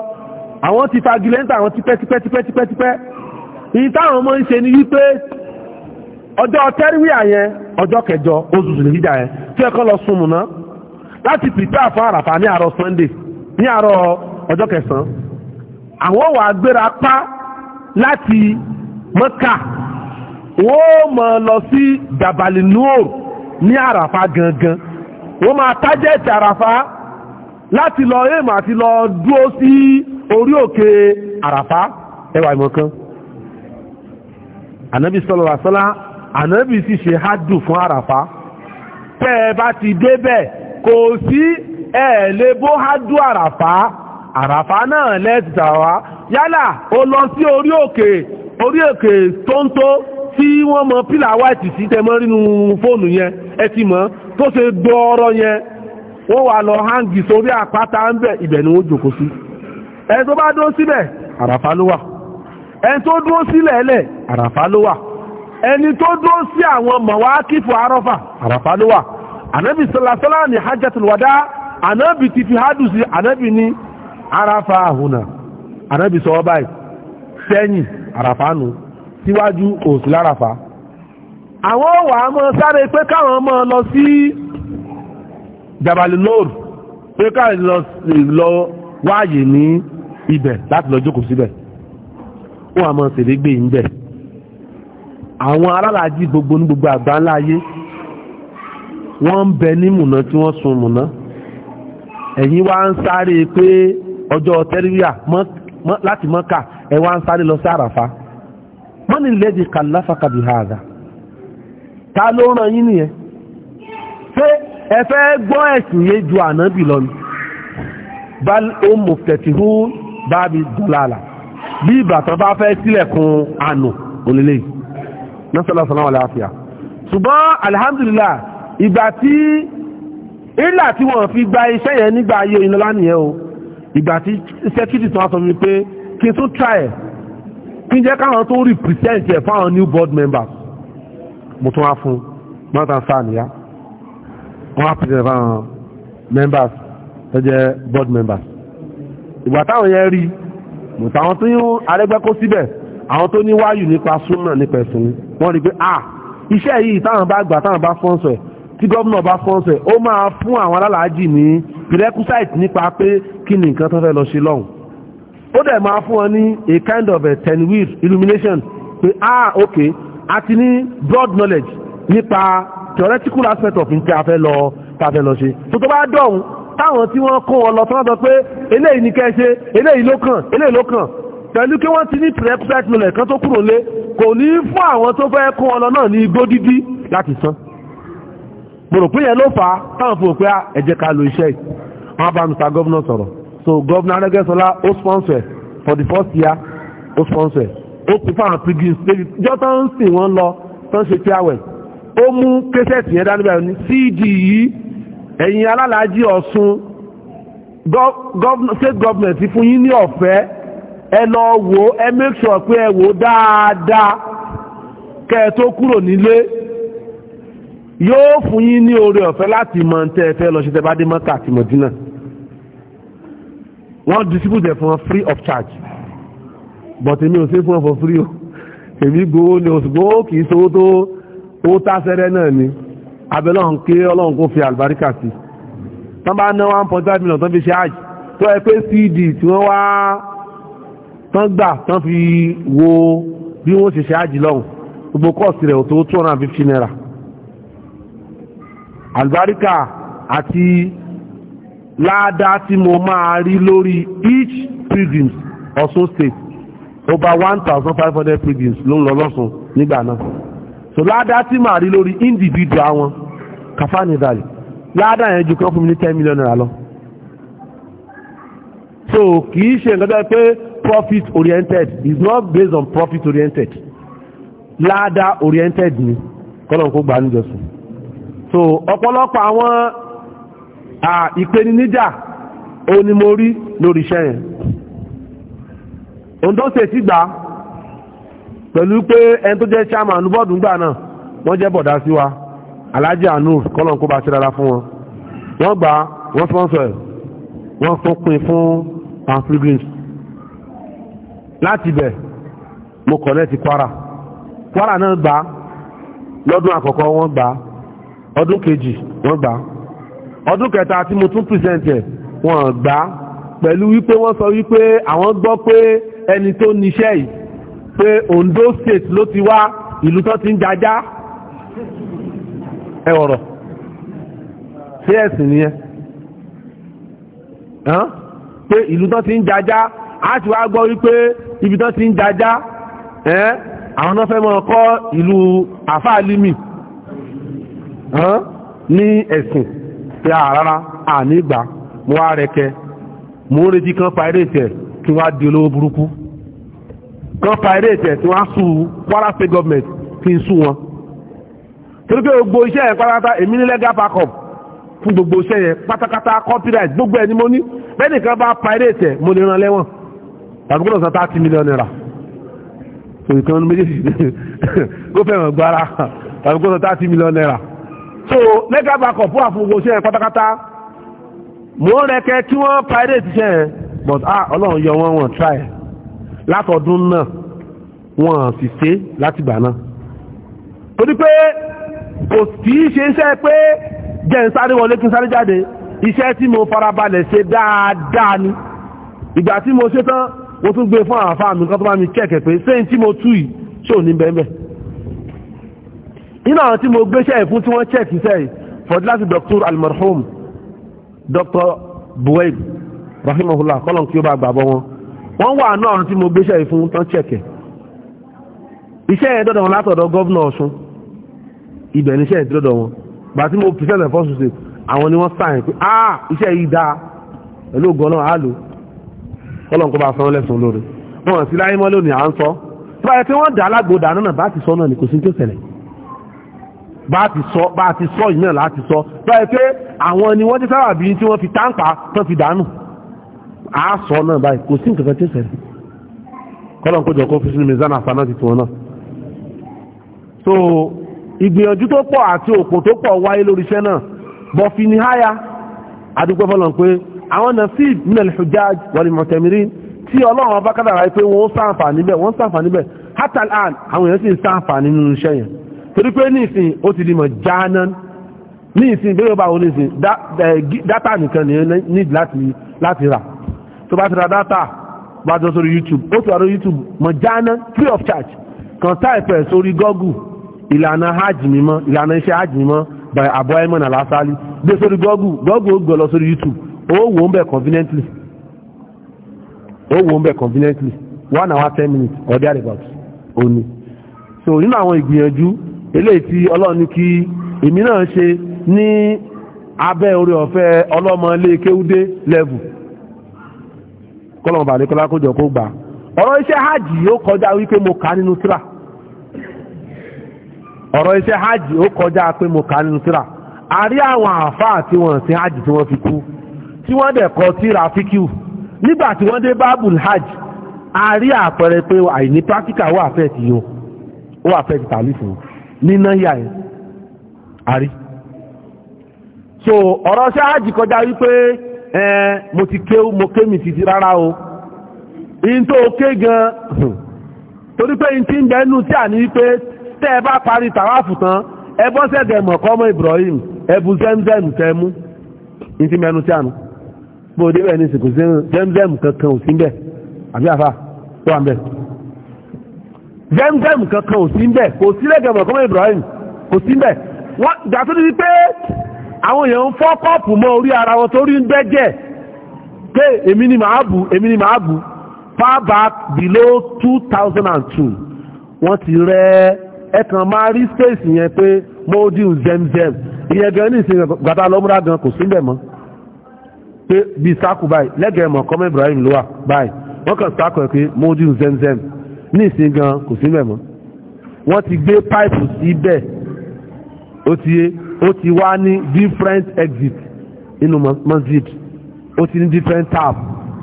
àwọn ti fagilẹ́ntà àwọn tipẹ́tipẹ́tipẹ́tipẹ́ ìyí táwọn ọmọ ń ṣe ni wípé ọjọ́ tẹ́ríwíà yẹn ọjọ́ kẹjọ oṣù Zùlhíjà yẹn tí ẹ kọ́ lọ sùn mùná láti prepare fún àràfà ní àárọ̀ Sunday ní àárọ̀ ọjọ́ kẹsàn-án àwọn wà gbéra pa láti Mẹ́kà wọ́n mọ̀ lọ sí Jabalinur ní àràfà gangan wọ́n máa tájẹ́ẹ̀tì àràfà láti lọ èèmọ̀ àti lọ dúró sí orí òkè àràfá ẹwà ìmọ̀kan ànábì sọ́lọ̀ àsọ́lá ànábì sì ṣe hádùn fún àràfá tẹ́ ẹ bá ti débẹ̀ kò sí ẹ̀ẹ́lẹ́ bó hádùn àràfá àràfá náà lẹ́ẹ̀tì tàwa yálà ó lọ sí orí òkè orí òkè tóńtó tí wọ́n mọ pílà wáìtì sí tẹmọ́ nínú fóònù yẹn ẹ ti mọ̀ tó ṣe gbọ́ ọ̀rọ̀ yẹn wọ́n wà lọ hangi sórí àpáta ń bẹ̀ ibẹ̀ ni wọ́n jòkó sí. Si ẹni tó bá dúró síbẹ̀ àràfà ló wà ẹni tó dúró sílẹ̀ ẹlẹ̀ àràfà ló wà ẹni tó dúró sí àwọn mọ̀wákìfù arọ́fà àràfà ló wà ànábì sọlásọlá ní hajjatul wada ànábì ti fi hádùn sí ànábì ní àràfà àhùnà ànábì sọ báyìí sẹ́yìn àràfà nù síwájú òsì láràfà àwọn wà á sáré pé káwọn lọ sí pé káwọn lọ wáàyè ní ibẹ̀ láti lọ jókòó síbẹ̀ wọ́n àmọ́ sèré gbé ń àwọn gbogbo ní gbogbo àgbà wọ́n bẹ ní mùnà tí wọ́n sun mùnà ẹ̀yìn wá ń sáré pé ọjọ́ tẹ́ríyà láti mọ́kà ẹ wá ń sáré lọ sí àràfá wọ́n ta ló ràn yín nìyẹn ṣé ẹ fẹ́ gbọ́ ẹ̀sìn yé ju lọ ni bal ó mọ̀tẹ̀tìhú bábi dọ̀làlà bí ìbàtàn bá fẹ́ sílẹ̀kùn ànù onílé násàlásàlá àlàáfíà ṣùgbọ́n alhamdulillah ìgbà tí ìlà tí wọ́n fi gba iṣẹ́ yẹn nígbà ayé ìnlọ́lá nìyẹn o ìgbà tí iṣẹ́ kìtì tó wá sọ mi pé kí n tún try ẹ̀ kí n jẹ́ káwọn tó represent ẹ̀ fáwọn new board members mo tún wá fún mọ́tàn sáà nìyá wọ́n á pèsè fáwọn members tó jẹ́ board members ìgbà táwọn yẹn rí mùtà àwọn tó yún arẹ́gbẹ́ kó síbẹ̀ àwọn tó ní wáyù nípa súnmọ̀ nípa ẹ̀sìn wọ́n rí pé à iṣẹ́ yìí táwọn bá gbà táwọn bá fọ́nsọ̀ ẹ̀ tí gómìnà bá fọ́nsọ̀ ẹ̀ ó máa fún àwọn alálàájì ní prerequisite nípa pé kí ni nǹkan tó fẹ́ lọ ṣe lọ́hùn ó dẹ̀ máa fún wọn ní a kind of a ten wheel illumination pé ah ok a ti ní broad knowledge nípa theoretical aspect of nǹkan a fẹ́ lọ ta fẹ́ lọ ṣe tó tó bá dọ̀hún táwọn tí wọ́n kó wọn lọ tán sọ pé eléyìí ní kẹ́ ṣe eléyìí ló kàn eléyìí ló kàn pẹ̀lú kí wọ́n ti ní prerequisite knowledge kan tó kúrò lé kò ní fún àwọn tó fẹ́ kó wọn lọ náà ní igbó dídí láti san mo rò pé yẹn ló fà á táwọn fi rò pé ah, ẹ jẹ́ ká lo iṣẹ́ yìí wọ́n bá Mr. Governor sọ̀rọ̀ so Governor Arẹ́gbẹ́ṣọlá ó sponsor for the first year ó sponsor ó pè fáwọn pilgrims débi jọ́ tán ń sìn wọ́n lọ tán ṣe fairwell ó mú kẹsẹ̀tì yẹn dání báyìí ní cd yìí ẹ̀yin alálàájì ọ̀ṣun state government fún yín ní ọ̀fẹ́ ẹ lọ wò ẹ make sure pé ẹ wò dáadáa kẹ́ ẹ tó kúrò nílé yóò fún yín ní oore ọ̀fẹ́ láti mọ tẹ́ ẹ fẹ́ lọ ṣe tẹ́ bá dé mọ́kà àti mọ̀dínà wọ́n distribute ẹ̀ fún wọn free of charge but èmi ò sí fún wọn for free o èmi gbowó ni òṣùgbọ́n kì í sọ owó tó owó tásẹ́rẹ́ náà ni abẹ́lọ́hùn kí ọlọ́run kó fi àlùbáríkà sí tán bá ná one point five million tán fi ṣe àjì tó ẹ pé cd tí wọ́n wá tán gbà tán fi wo bí wọ́n ṣe ṣe àjì lọ́hùn gbogbo kọ́ọ̀sì rẹ̀ tó two naira àlùbáríkà àti ládàá tí mo máa rí lórí each pilgrims Ọ̀ṣun state over one thousand five hundred pilgrims ló ń lọ lọ́sùn nígbà náà so ládàá tí màá rí lórí individual wọn kàfáàní ìdàlì ládà yẹn ju kí wọ́n fún mi ní ten million naira lọ so kì í ṣe nǹkan pé profit oriented is not based on profit oriented ládà oriented ni kọ́nà kó gbà níjọsìn so ọ̀pọ̀lọpọ̀ àwọn ìpèníjà òní mo rí lórí iṣẹ́ yẹn òǹdó ṣe ti gbà pẹ̀lú pé ẹni tó jẹ́ chairman bọ́ọ̀dù gbà náà wọ́n jẹ́ bọ̀dá sí wa alájà anuf kọ́lọ̀ kó bá ṣe dára fún wọn wọ́n gbà wọ́n sponsor ẹ̀ wọ́n tún pin fún and pilgrims láti bẹ̀ mo connect Kwara Kwara náà gbà lọ́dún àkọ́kọ́ wọ́n gbà ọdún kejì wọ́n gbà ọdún kẹta tí mo tún present ẹ̀ wọ́n gbà pẹ̀lú wípé wọ́n sọ wípé àwọn gbọ́ pé ẹni tó níṣẹ́ yìí pé Ondo state ló ti wá ìlú tó ti ń jajá ẹ̀wọ̀rọ̀ sí ẹ̀sìn ẹ pé ìlú tán ti ń jajá a ti wá gbọ́ wípé ibi tán ti ń jajá àwọn náà fẹ́ mọ́ kọ́ ìlú àfáàlímì ní ẹ̀sìn pé àrárá ànígbà mo wá rẹkẹ mú ń retí kan pirate ẹ̀ kí wá di olówó burúkú kan pirate ẹ̀ tí wọ́n á sùn Kwara State government kí n sùn wọn torí pé gbogbo iṣẹ́ yẹn pátápátá èmi ní legal backup fún gbogbo iṣẹ́ yẹn pátápátá copyright gbogbo ẹ̀ ni mo ní bẹ́ẹ̀ nìkan bá pirate ẹ̀ mo lè ran lẹ́wọ̀n tàbí gbọ́dọ̀ san thirty million naira so ìkan méjèèjì kó fẹ́ràn gbára tàbí gbọ́dọ̀ san thirty million naira so legal backup wà fún gbogbo iṣẹ́ yẹn pátápátá mo ń rẹkẹ kí wọ́n pirate iṣẹ́ yẹn but ah ọlọ́run yọ wọn wọn try látọdún náà wọn sì ṣe látìgbà náà torí kò kì í ṣe iṣẹ́ pé jẹ́ ń sáré wọlé kí n sáré jáde iṣẹ́ tí mo farabalẹ̀ ṣe dáadáa ni ìgbà tí mo ṣe tán mo tún gbé fún àǹfà mi kan tó bá mi kẹ̀kẹ̀ pé sẹ́yìn tí mo tú yìí ṣò ní bẹ́ẹ̀ nínú àwọn tí mo gbéṣẹ́ ẹ̀ fún tí wọ́n check iṣẹ́ yìí fọdíláṣí dr almarhum dr buwaib rahimahullah kọ́lọ̀n kí ó bá gbàbọ́ wọn wọ́n wà náà tí mo gbéṣẹ́ ẹ̀ fún tán check ẹ̀ iṣẹ́ ẹ̀ dọ́dọ̀ wọn látọ̀dọ̀ gọ́vnà ọ̀ṣun ibẹ̀ ní iṣẹ́ ìtìlọ́dọ̀ wọn gbà tí mo pèsè ẹ̀fọ́ ṣùṣe àwọn ni wọ́n sáyẹn pé ah iṣẹ́ yìí dáa pẹ̀lú ògùn náà á lò ọlọ́run kó bá sanwó lẹ́sùn lórí wọn sí láyé mọ́ lónìí à ń sọ tí báyẹ̀ pé wọ́n dà alágbòdà náà bá ti sọ náà ní kò sí tó bá ti sọ yìí náà láti sọ báyẹ̀ pé àwọn ni wọ́n ti sábà bí tí wọ́n fi táǹpà tán fi dànù à sọ náà báyìí kò sí nǹkan tó ṣẹlẹ̀ kọ́lọ́n kó jọ kó fi sínú mi àfa náà ti tiwọn náà so ìgbìyànjú tó pọ̀ àti òpò tó pọ̀ wáyé lórí iṣẹ́ náà bọ̀ fi ní háyà àdúgbò fọlọ̀ pé àwọn nasib minal hujjaj wal mu'tamirin tí ọlọ́run ọba kádàrá pé wọ́n sàǹfà níbẹ̀ wọ́n sàǹfà níbẹ̀ hatal an àwọn èèyàn sì ń sàǹfà nínú iṣẹ́ yẹn torí pé ní ìsìn ó ti di mọ̀ jáánán ní ìsìn bí yóò bá ní ìsìn dátà nìkan ní need láti rà tó bá ti ra dátà bá jọ sórí YouTube ó ti wà lórí YouTube mọ̀ jáánán free of charge kan táìpẹ̀ sórí Google ìlànà hajj mímọ́ ìlànà iṣẹ́ hajj by abu ayman alasali gbé sórí google google lọ sórí youtube ó wò ń bẹ̀ conveniently ó wò ń bẹ̀ conveniently one hour ten minutes or there about so nínú àwọn ìgbìyànjú eléyìí tí ọlọ́run ní kí èmi náà level ní hajj yóò kọjá wípé mo kà nínú ọ̀rọ̀ iṣẹ́ hajj ó kọjá pé mo kà nínú síra a rí àwọn àáfàá tí wọ́n sí hajj tí wọ́n fi kú tí wọ́n dẹ̀ kọ síra fíkìú nígbà tí wọ́n dé bábùl hajj a rí àpẹẹrẹ pé àìní practical wà fẹ́ ti yọ ó wà fẹ́ ti tàlí fún níná yà ẹ̀ a rí so ọ̀rọ̀ iṣẹ́ hajj kọjá wípé ẹn mo ti kéwú mo ké mi títí rárá o in tó ké gan torí pé in ti ń bẹ́ẹ̀ nù tí à ní wípé tẹ́ ẹ bá parí tàwáfù tán ẹ bọ́ sẹ́gẹ̀ mọ̀kọ́mọ́ Ibrahim ẹbu zemzem tẹ mú ní ti mẹ́nu tí a nù bó dé bẹ́ẹ̀ ní ìsìnkú zemzem kankan ò sí ń bẹ̀ àbí àfà tó wà ń bẹ̀ zemzem kankan ò sí ń bẹ̀ kò sí lẹ́gẹ̀ mọ̀kọ́mọ́ Ibrahim kò sí ń bẹ̀ wọ́n gbà tó ní pé àwọn èèyàn ń fọ́ kọ́ọ̀pù mọ́ orí ara wọn torí ń bẹ́jẹ̀ pé èmi ni màá bù èmi ni màá bù far back below two thousand and two wọ́n ti rẹ́ ẹ kàn máa rí space yẹn pé mọ́ọ́dún zemzem ìyẹn gan ní ìsìn gbàtà lọ́múra gan kò síbẹ̀ mọ́ pé bí sáàkù báyìí lẹ́gẹ̀ẹ́ mọ̀ kọ́mọ́ Ibrahim ló wà báyìí wọ́n kàn sáàkù ẹ̀ pé mọ́ọ́dún zemzem ní ìsìn gan kò síbẹ̀ mọ́ wọ́n ti gbé pipe síbẹ̀ ó ti yé ó ti wá ní different exit nínú masjid ó ti ní different tap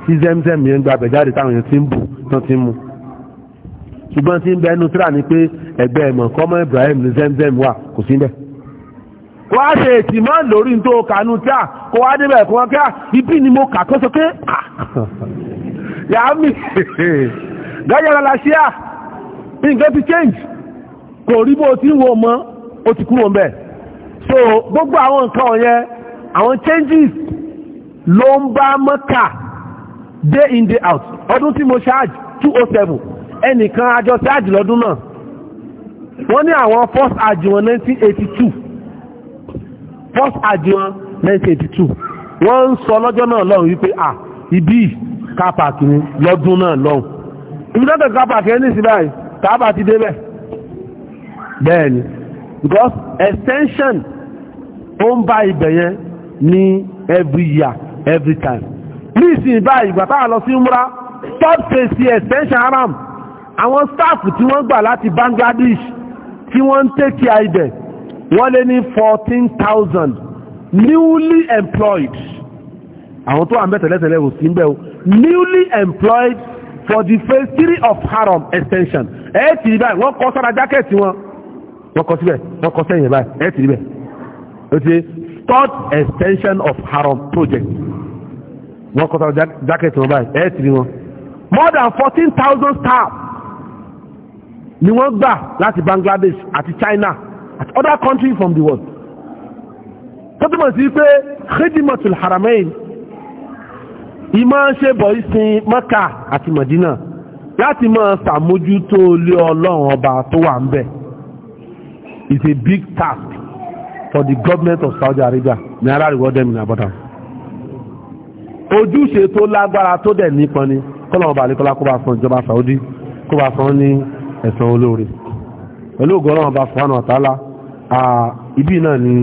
sí zemzem yẹn gbàgbẹ́ jáde táwọn yẹn ti ń bù tán ti ń mu. ṣùgbọ́n tí ń bẹ ẹnu tíra ni pé ẹgbẹ́ ẹ̀mọ̀ kọ́mọ́ Ibrahim ní Zemzem wà kò sí bẹ́ẹ̀ wọ́n á ṣe ètì máa lórí tó kànú tíra kó wá débẹ̀ kó wọ́n kíá ibi ni mo kà kọ́sọ́ pé yàámi gẹ́gẹ́rẹ́ la ṣíà nǹkan ti change kò rí bó ti ń wo mọ́ ó ti kúrò mbẹ̀ so gbogbo àwọn nǹkan ọ̀yẹn àwọn changes ló ń bá mọ́kà day in day out ọdún tí mo ṣáàjì 207 ẹnìkan àjọ tí àjì lọ́dún náà wọ́n ní àwọn first àjì 1982 first àjì wọn 1982 wọ́n ń sọ lọ́jọ́ náà lọ́hùn wípé à ibi kápákì ni lọ́dún náà lọ́hùn ibi lọ́dọ̀ kápákì ẹni sí báyìí kápá ti débẹ̀ bẹ́ẹ̀ ni because extension ó ń bá ibẹ̀ yẹn ní every year every time ní ìsìn báyìí ìgbà táà lọ sí múra third phase extension haram àwọn staff tí wọ́n gbà láti Bangladesh tí wọ́n ń tẹ́kì àìbẹ̀ wọ́n lé ní fourteen thousand newly employed àwọn tó wà ń bẹ̀ tẹ́lẹ̀tẹ́lẹ̀ ò sí ń bẹ̀ o newly employed for the phase three of Haram extension ẹ̀ tì í báyìí wọ́n kọ́ sára jákẹ́ẹ̀tì wọn wọ́n kọ́ síbẹ̀ wọ́n kọ́ sẹ́yìn báyìí ẹ̀ tì í bẹ̀ o ti third extension of Haram project wọ́n kọ́ sára jákẹ́ẹ̀tì wọn báyìí ẹ̀ tì í wọn more than fourteen thousand staff ni wọ́n gbà láti Bangladesh àti China àti other countries from the world tó túnmọ̀ sí pé khidmatul haramain ìmọ̀ ṣe bọ̀ ìsìn Mẹ́kà àti Madina láti mọ́ ṣàmójútó ilé ọlọ́run ọba tó wà ń bẹ̀ is a big task for the government of Saudi Arabia ní ara reward them in abọ́dà ojúṣe tó lágbára tó dẹ̀ nípọn ni kọ́lọ̀ ọba àlékọ́lá kó bá san ìjọba Saudi kó bá san ní ẹ̀sán olóore pẹ̀lú ògọ́rọ̀ ọba fún àtàlá ibi náà ni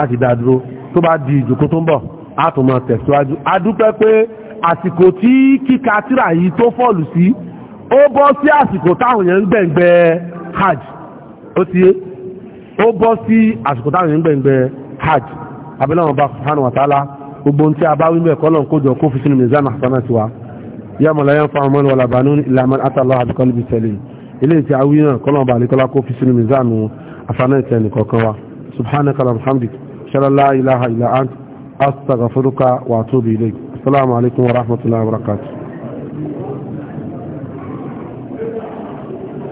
a ti dá dúró tó bá di ìjòkó tó ń bọ̀ a tún máa tẹ̀síwájú a dúpẹ́ pé àsìkò tí kíka tírà yìí tó fọ́ọ̀lù sí ó bọ́ sí àsìkò táwọn yẹn ń gbẹ̀ngbẹ́ hajj ó ti ó bọ́ sí àsìkò táwọn yẹn ń gbẹ̀ngbẹ́ hajj abẹ́lẹ́wọ̀n bá subhanahu wa ta'ala gbogbo tí a bá wí mẹ́ẹ̀kọ́ lọ́n kó jọ sínú mizan hasanati wa yamma la yanfa'u malun wala banun illa man ata Allah eléyìí tí awí náà kọ́lọ̀ bá nìkọ́lá kó fi sínú mizanu afanáìtẹ́ nìkọ̀ọ̀kan wa subhanaka alhamdulilayi shalala ilaha illa ant astaghfiruka wa atubu ilayk assalamu wa rahmatullahi wa barakatuh